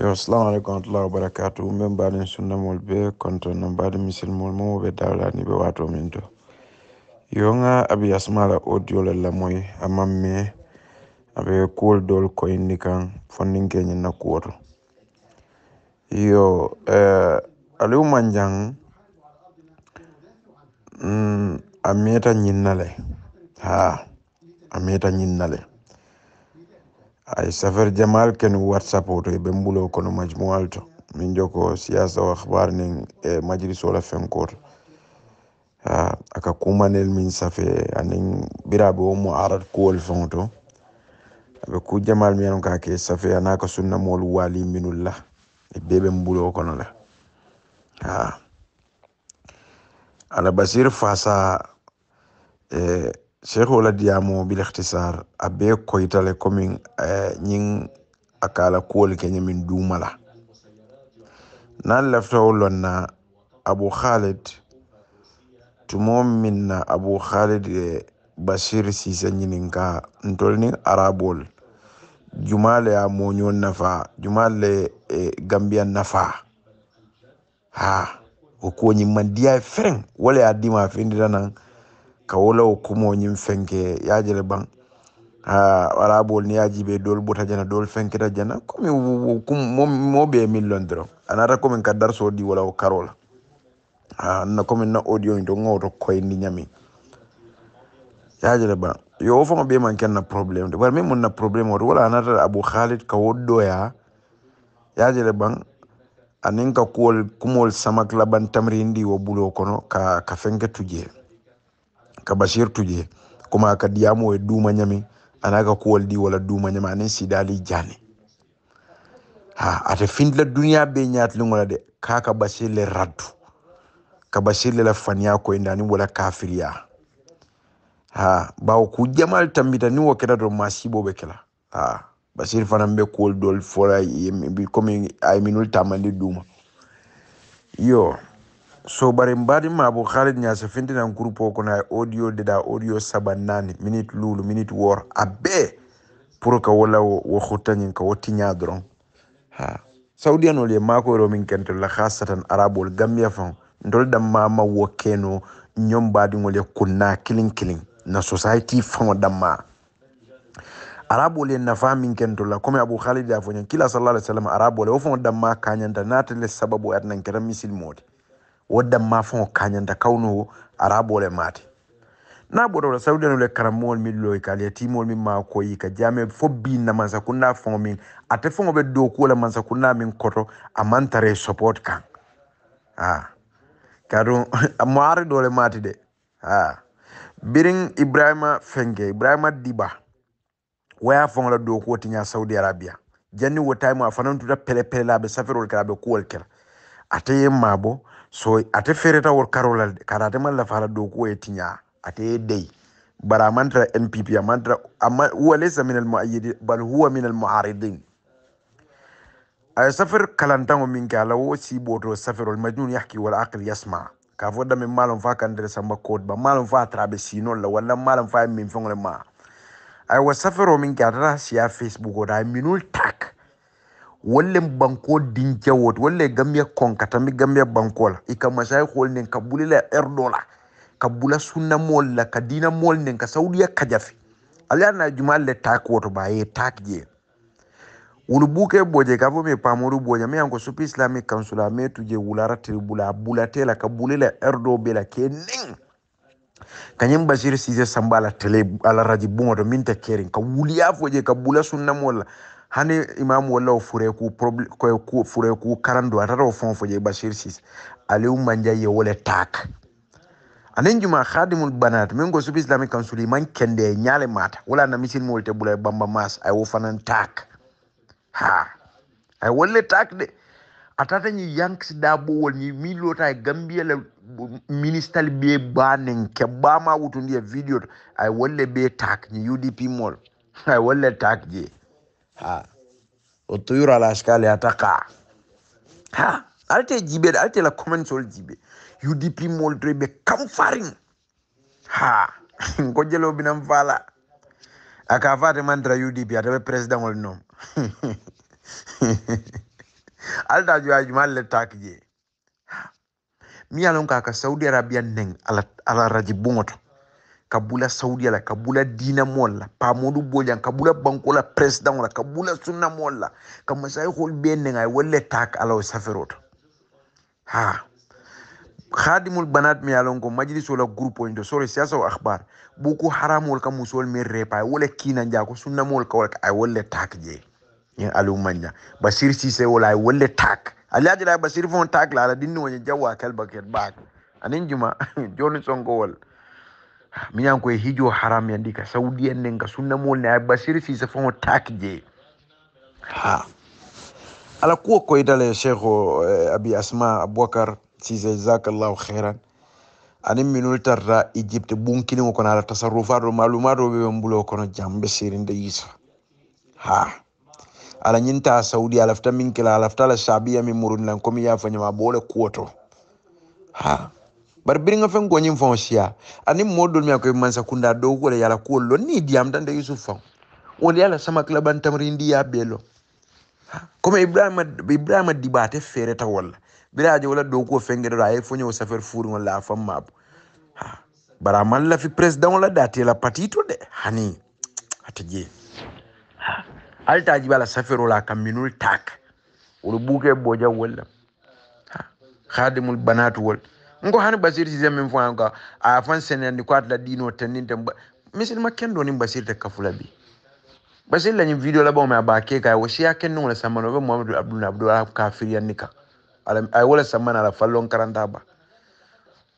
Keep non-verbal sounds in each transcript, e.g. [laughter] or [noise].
yo assalamu aleykum warahmatullahi wabarakatu min mbaɗen sunnamol be konto no mbaɗi misilmol mo ɓe dawlani ɓe wato min to yonga abi asmala audio le lamoy amam me aɓe kuwol dol koyindi kan fondinkeñin na kuwoto yo uh, aliu mandiang mm, a meta ñinnale ha a meta ñinnale ay safar jamal ken whatsapp to be mbulo ko no majmual to min joko siyasa wa khabar nin e eh, majlis wala ko fenkoto ah, aka kuma nel min safe anin biraɓe o mo arat kuwol fen to be ku jamal mi ka ke safe ana ka sunna mol wali minullah e be be mbulo ko no la ah. ala basir fasa e sheikhu la diyamo bil ikhtisar a be koyitale eh, ñing akala a kala kuwol ke ñamin dumala nan laftawo lonna abu khalid tumo min na abu khalid eh, bashir sise ñininka ntol arabol jumale ya moño nafa jumale e, gambia nafa ha o kuwo ñimmandiya e feŋ wala ye a dima fendi nan ka wolawo kumo ñin fenke yajele ban ha arabol ni yajiɓe dol bota jana dol fenketa jana komi moɓe min londiro anata komin ka darso ɗi wolawo karola ha anna komin na audio to gawto koyndi ñami yajele ban yo wo fanga ɓe man kenna probléme de bara min mun na probléme oto wala anata abu halid ka woddoya yajele ban anin ka kuwol kumol samak laban tamrindi wo bulo kono ka ka fenke tujee kabashir tuje kuma ka diyamu e duma nyami anaka ko waldi wala duma nyami anin sidali jani ha ate find la dunya be nyat ñaatiliŋola de ka ka bashir le raddu ka bashir le la fanya ko indani wala kafiriya ha ba ku jamal tambita ni wo kedado masibo be kala ha bashir fanan be ko dol fola komi ay minul tamandi duma yo so sobare ma mabo khalid nya nyasa fintinan groupe o kono hay audio da audio sabanani minute lulu minute war abe pour ko wala wo ko ka nya dron ha saudi an ole ma ko makoyro min la hasatan arabol gamya fan ndol dam ma ma wo keno nyom ñombadiŋol ye kunna kilin kilin na society dam ma damma arabole nafa min la comme abu khalid a foñan kila sallah alih w sallam arabole wo dam ma kañanta natale sababu atnan misil modi wo damma faŋo kañanta kawno arabole mate na bodo ɓota saudi sawdiyano le karamowol min loy ka yatimol mi ma ko yi ka jame fo bin na binna kunna faŋo min ate faŋo ɓe dow kuwo la kunna min koto amantare support kan ha karu amare [laughs] do le mate de ha birin ibrahima fenge ibrahima diba waya faŋo la dow kuwo tiña saudi arabia jani wo time a fanaŋ tuta pele pele la be ɓe kala be ko wal kala ate ye maabo so ate fereta wor karola kada ate man lafa ala doku ye ate e dey bara amantara npp amantara ama huwa laysa min almuayidi bal huwa min almuaridin aya safir kalantaŋo min ke ala wo siboto safirol majnun yahki wal aqil yasma ka fo dame malon fa kandere samba kod ba malon fa trabe sinol la walla malon fa min feŋole ma aya wa safiro min ke atata siya facebook o ta minol tak wolle banko dinke wot wolle gambia konkatami gambia banko la i ka hol nen ka bulila la ka sunna mol la ka mol nen ka saudiya kajafi ala yana juma le tak woto ba e tak je wulu buke boje ka fo me pamoru boje me yanko supi islamic council a me tuje wulara tel bula bulate la ka be la ke nin basir sise samba ala ala radio buŋoto min te kerin ka wuliya fo ka bula sunna mol la hani imam wala o problem ku ko karando atara o fon foje bashir sis aliou manja ye wole tak anen juma khadimul banat min go subi islamic council man kende nyale mata wala na misil mo wolte bulay bamba mas ay wo tak ha ay wolle tak de atata ni yanks da bo wol ni milota gambia la ministal be banen ke bama wutundi video ay wolle be tak ni udp mol ay wolle tak je otuyura la askali ataka ha alte jibe alte la common soul jibe udp moldre be kamfarin ha [laughs] ngojelo binam fala akafate mandra udp atabe president ol nom [laughs] alta jwa jmal le tak je mi alon ka saudi arabia neng ala ala rajibungoto kabula bula la kabula dina molla pamodu la pamolu bojan ka bula la president la ka sunna molla la ka hol be ngay wolle tak ala o saferoto ha khadimul banat mi yalon ko majliso la groupe on de sore siyasa wa akhbar buku haramul kam musol mi repa wolle kina jako sunna mol ko wolle ay wolle tak je ni alu alumanya basir si se wolay wolle tak aladi la basir fon tak la la dinno woni jawa kalbaket bak anin juma [laughs] joni songo wala miñankoye hijo haram yandika saudi en nga sunna mo ne a fi sa fon tak je ha ala ko kuwo koydale cheikho eh, abi asma aboubacar sise jasakallahu khairan ani minul tarra egypte bunkini ko na tasarrufa do maluma do be mbulo ko no jambe sirinde yisa ha ala nyinta saudi ala fta min ala fta la shabiya min lan komi ya fanyama bole kuoto ha bari biriŋa feŋ ko faŋo siya aniŋ moo dolu meŋ a mansa kunda a doo ko le ye a la kuwolu lo niŋ i yusuf faŋo wo le ye a la samakila bantamirindi ye a bee lo comme ibrahima ibrahima diba ate feereta walla bira aje wala doo kuwo feŋ gedeto a ye fo ñewo safari fuuriŋol la a faŋ maabo bari a maŋ lafi présidaŋo la de ate la patito de hani ate jee ali a la safari la a ka minulu taaka wolu buuke booja wol la wol ngo hani basiri size min fo anka a ah, fan senandi ko atla dino makendo ni basiri ta kafula bi basiri la ni video la ba ma ba ke kai wasi ya kenno la samano be muhammadu abdul abdul kafiri yanika ala ay wala samana ala fallon karanta ba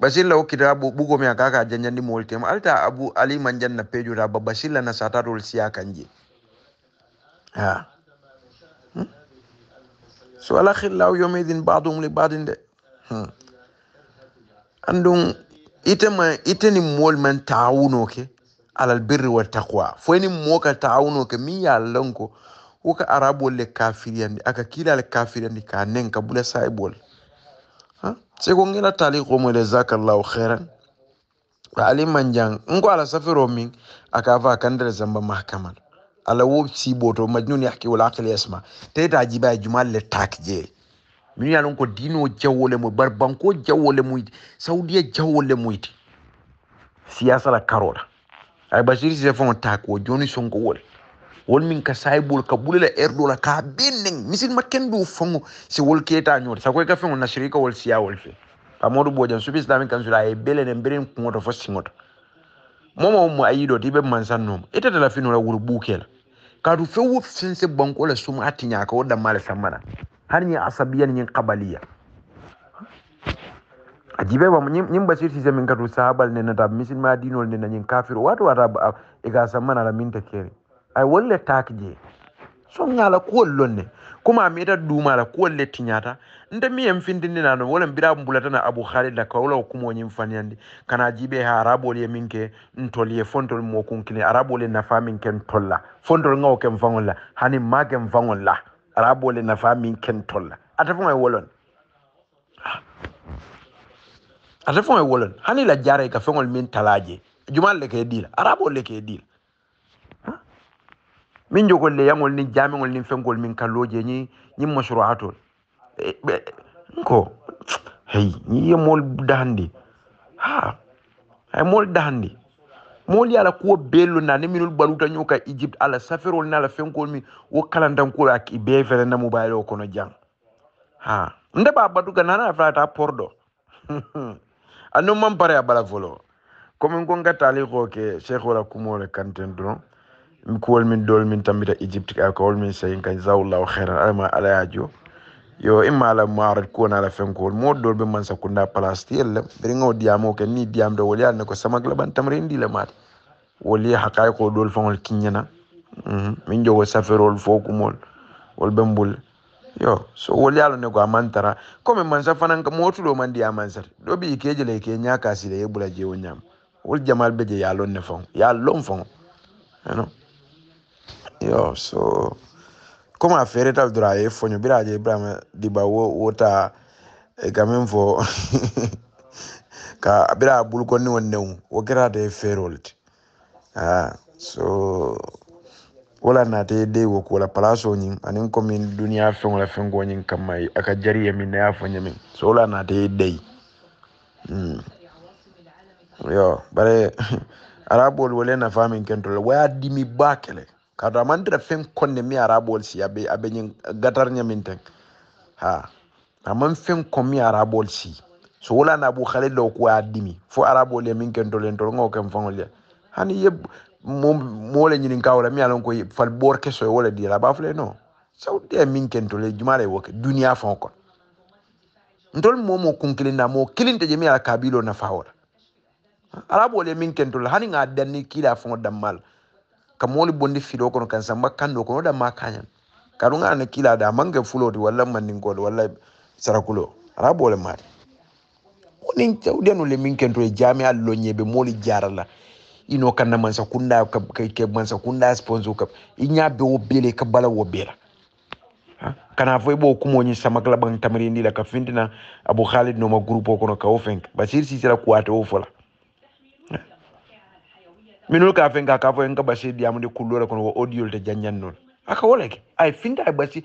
basilla o kita bu bugo mi akaka janjandi mo tema alta abu ali manjan na pejo da basilla na sata rol siya kanje ha hmm? so ala khillaw yawmidin ba'dhum li ba'din de hmm andun ite ma ite ni mool man taawuno ke alal birri wa taqwa fo ni moo ka taawuno ke min ya lon ko wo ka arabol le kafiriyandi aka kafiri andi ka nen ka bula saibol se ko ngela tali ko mo le zakallahu khairan wa ali manjang ngo ala safiro min aka va kandar zamba mahkamal ala wo siboto majnun yahki wal aqli yasma tayta jiba jumal le takje minu ye lon ko diino jawo le muy bari banko jawo le muy saudiya jawo le muyti siyasa la karo la ay basiri sise fon ta ko joni sonko wol wol min ka saybul ka bulela erdo la ka benen misin maken do fongo si wol keta nyori sa ko ka fengo na shirika wol siya wol fe amodu bojan subi islamic council ay bele ne mbirin kungoto fo singoto momo mo ayido tibe mansan nom ita da la finola bukela kadu fewu sense banko la suma atinya ka wada male samana har ni asabiya ni qabaliya ajibe wa nyim basir si zemin kadu sahabal ne uh, na tab misil ma dinol ne na nyin kafir wato wata e ga samana la minta kere ay wolle takje son ngala kuwollon ne kuma mi ta duma la kuwolle tiñata nte mi en findindi nano wolen bira na abu khalid la kawla o kumoñin faniyandi kana jiɓe ha arabo ye minke ke ntol ye fontol mo kunkine arabol ye nafa min ken tolla fontol ngawo ken faŋol la hani ma ken la raɓole nafa min ken tolla a tafon e wolon a tafon e wolon hani la jara ka feŋol min talaje jumal le kee dila araɓol le kee dila min jogol le yaŋol ni jameŋol ni feŋgol min kalloje ñi ñin masuratol e, ko hey ñi ye mool dahandi ha ay mool dahandi moolu ye a la kuwo beelu na ni minnu baluuta ñoo ka egypte ala saferol ni ala fenkol min wo kalantankol a i bee fele na mubayile o kono jaŋ ha nte baa batuka nana fela taa por do [laughs] anu man pare a bala folo comme ko nka taalixoo ke cheikho la kumoo le kanten doron kuwol min dool min tambita egypte ka kowol min sayin kan zawullahu xeyran alama ala ye a yo imma la maarad kona la fenkol mo dol be man sakunda place tiyella bere ngaw diamo ke ni diam do wali an ko samak la bantam rendi ndi la mat wali haqay ko dol fongol kinyana min mhm. jogo saferol fokumol wol bembul yo so wol yalo ne ko amantara comme sa fanan ka motulo man man amansar do bi keje le ke nyaka si le yebula je wonyam wol jamal beje yalo ne fon yalo fon you know yo so comme afere ta dura dora a ye fɔɲɔ bira je ibrahim diba wo wo ta ka eh, min [laughs] ka bira a bulukɔni wo new wo kɛra ta ye feero le ti ah so wala na te de wo ko kola palaso ani ko komin duniya fen wala fen go nyin mai aka jari yamin na ya fanya min so wala na te de mm yo bare [laughs] arabol wala na famin kentol waya dimi bakele kada dira fen konne mi arabol si abe abe nyin gatar nyaminten ha amman fen kon mi arabol si so wala na bu khale do ko adimi fo arabol le min ken do len do ngo ken fangol ya hani yeb mo le nyin ka wala mi alon ko fal bor ke so wala dira ba fle no de min ken do le juma le woke dunia fon ko ntol momo na mo kilinte je jemi ala kabilo na fawol arabol le min ken to hani nga danni kila fon mal ka moolu bondi filoo kono kan samba kando kono da ma kaña kaatu ŋa ne kila da manke fuloti walla mandinkooti walla sarakulo ana boole maati woni tawdenu le min kento e jaami allo ñeɓe moolu jarala ino kanna mansa kunda ke mansa kunda sponsor kap i ña be wo bele ka bala wo bela kana fo ibo kumoñi samakla ɓan tamirindi la ka fintina abou halid noma groupe o kono ka wo fenk basir sisira kuwate wo fola min ol ka fen ka ka fo en ka basir diamude kullore kono ko audio te janyan jannyannola aka wolake ay finta e basir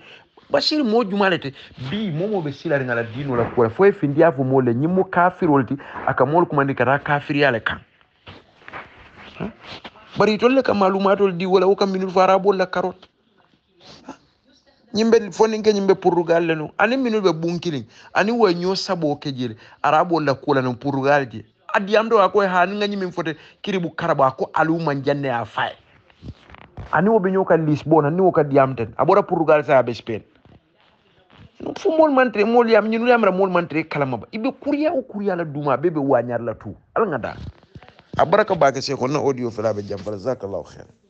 basir mo jumale te bi momoɓe silari ngala la kuwola fo e findiya mo le ñimmo kafir wolti aka mol kumandi kata kafiriyale kan bari le ka malumatol di wala wo kam minul fara bol la karot carotte ñimɓe foninke ñimɓe pourtugal le no ani minul be ɓunkilin ani wa ño sabo kejele arabo la kuwola non pourtugal je adiamdo akoy ha ha ngani min fote kiribu karaba ko aluma janne a fay ani wo be nyoka lisbon ani wo ka diyam a abora portugal sa be spain no fu mol mantre mol yam nyinu yam ra mol mantre kalama ba ibe kuriya o kuriya la duma be be wanyar la tu al ngada abaraka ba ke se ko na audio fela be jambar zakallahu khair